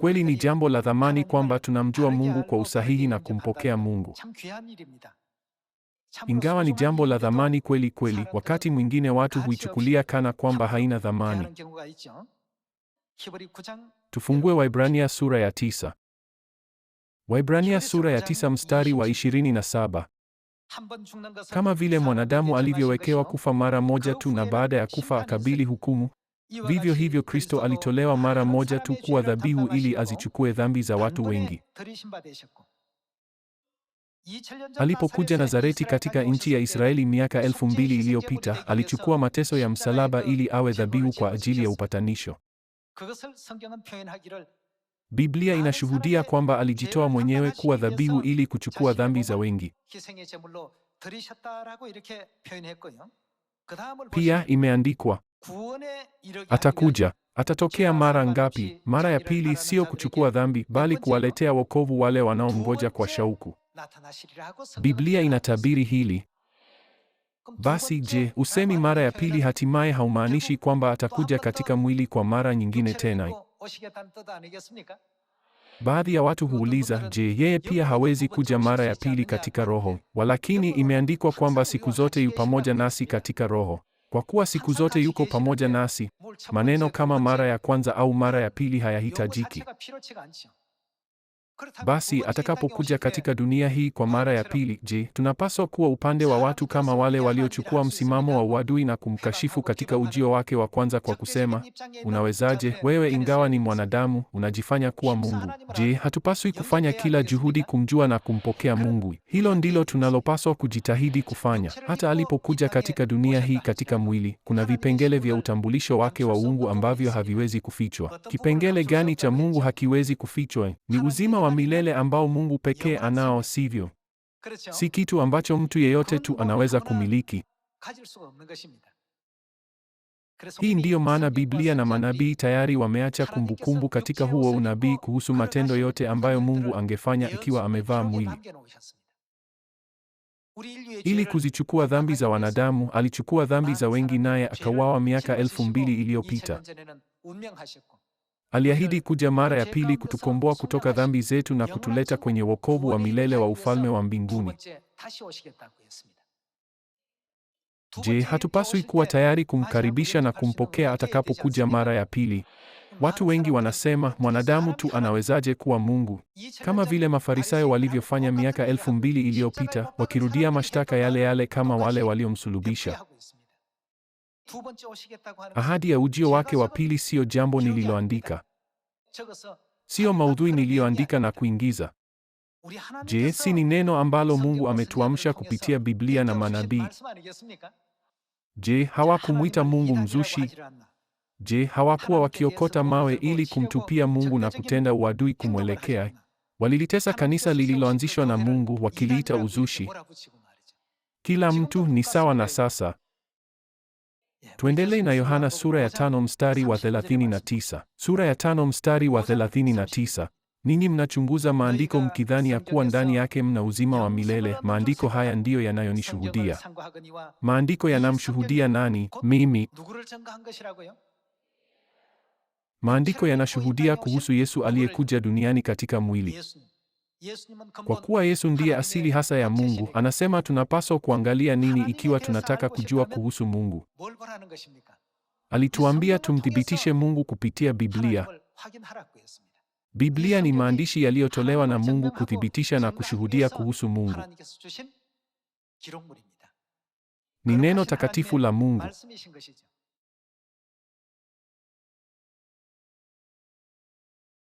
Kweli ni jambo la thamani kwamba tunamjua Mungu kwa usahihi na kumpokea Mungu. Ingawa ni jambo la thamani kweli kweli, wakati mwingine watu huichukulia kana kwamba haina thamani. Tufungue Waibrania sura ya tisa. Waibrania sura ya tisa mstari wa 27. Kama vile mwanadamu alivyowekewa kufa mara moja tu na baada ya kufa akabili hukumu, Vivyo hivyo Kristo alitolewa mara moja tu kuwa dhabihu ili azichukue dhambi za watu wengi. Alipokuja Nazareti katika nchi ya Israeli miaka elfu mbili iliyopita, alichukua mateso ya msalaba ili awe dhabihu kwa ajili ya upatanisho. Biblia inashuhudia kwamba alijitoa mwenyewe kuwa dhabihu ili kuchukua dhambi za wengi. Pia imeandikwa Atakuja. Atatokea mara ngapi? Mara ya pili, sio kuchukua dhambi, bali kuwaletea wokovu wale wanaomngoja kwa shauku. Biblia inatabiri hili. Basi je, usemi mara ya pili hatimaye haumaanishi kwamba atakuja katika mwili kwa mara nyingine tena? Baadhi ya watu huuliza, je, yeye pia hawezi kuja mara ya pili katika roho? Walakini imeandikwa kwamba siku zote yu pamoja nasi katika roho. Kwa kuwa siku zote yuko pamoja nasi, maneno kama mara ya kwanza au mara ya pili hayahitajiki. Basi atakapokuja katika dunia hii kwa mara ya pili, je, tunapaswa kuwa upande wa watu kama wale waliochukua msimamo wa uadui na kumkashifu katika ujio wake wa kwanza kwa kusema, unawezaje wewe, ingawa ni mwanadamu, unajifanya kuwa Mungu? Je, hatupaswi kufanya kila juhudi kumjua na kumpokea Mungu? Hilo ndilo tunalopaswa kujitahidi kufanya. Hata alipokuja katika dunia hii katika mwili, kuna vipengele vya utambulisho wake wa uungu ambavyo haviwezi kufichwa. Kipengele gani cha Mungu hakiwezi kufichwa? Ni uzima wa milele ambao Mungu pekee anao, sivyo? Si kitu ambacho mtu yeyote tu anaweza kumiliki. Hii ndiyo maana Biblia na manabii tayari wameacha kumbukumbu katika huo unabii kuhusu matendo yote ambayo Mungu angefanya ikiwa amevaa mwili. Ili kuzichukua dhambi za wanadamu, alichukua dhambi za wengi naye akauawa miaka elfu mbili iliyopita. Aliahidi kuja mara ya pili kutukomboa kutoka dhambi zetu na kutuleta kwenye wokovu wa milele wa ufalme wa mbinguni. Je, hatupaswi kuwa tayari kumkaribisha na kumpokea atakapokuja mara ya pili? Watu wengi wanasema mwanadamu tu anawezaje kuwa Mungu? Kama vile Mafarisayo walivyofanya miaka elfu mbili iliyopita, wakirudia mashtaka yale yale kama wale waliomsulubisha. Ahadi ya ujio wake wa pili siyo jambo nililoandika, siyo maudhui niliyoandika na kuingiza. Je, si ni neno ambalo Mungu ametuamsha kupitia Biblia na manabii? Je, hawakumwita Mungu mzushi? Je, hawakuwa wakiokota mawe ili kumtupia Mungu na kutenda uadui kumwelekea? Walilitesa kanisa lililoanzishwa na Mungu wakiliita uzushi. Kila mtu ni sawa na sasa Tuendelee na Yohana sura ya tano mstari wa tisa. Sura ya tano mstari wa 39. Ninyi mnachunguza maandiko mkidhani ya kuwa ndani yake mna uzima wa milele. Maandiko haya ndiyo yanayonishuhudia. Maandiko yanamshuhudia nani? Mimi. Maandiko yanashuhudia kuhusu Yesu aliyekuja duniani katika mwili. Kwa kuwa Yesu ndiye asili hasa ya Mungu, anasema tunapaswa kuangalia nini ikiwa tunataka kujua kuhusu Mungu? Alituambia tumthibitishe Mungu kupitia Biblia. Biblia ni maandishi yaliyotolewa na Mungu kuthibitisha na kushuhudia kuhusu Mungu. Ni neno takatifu la Mungu.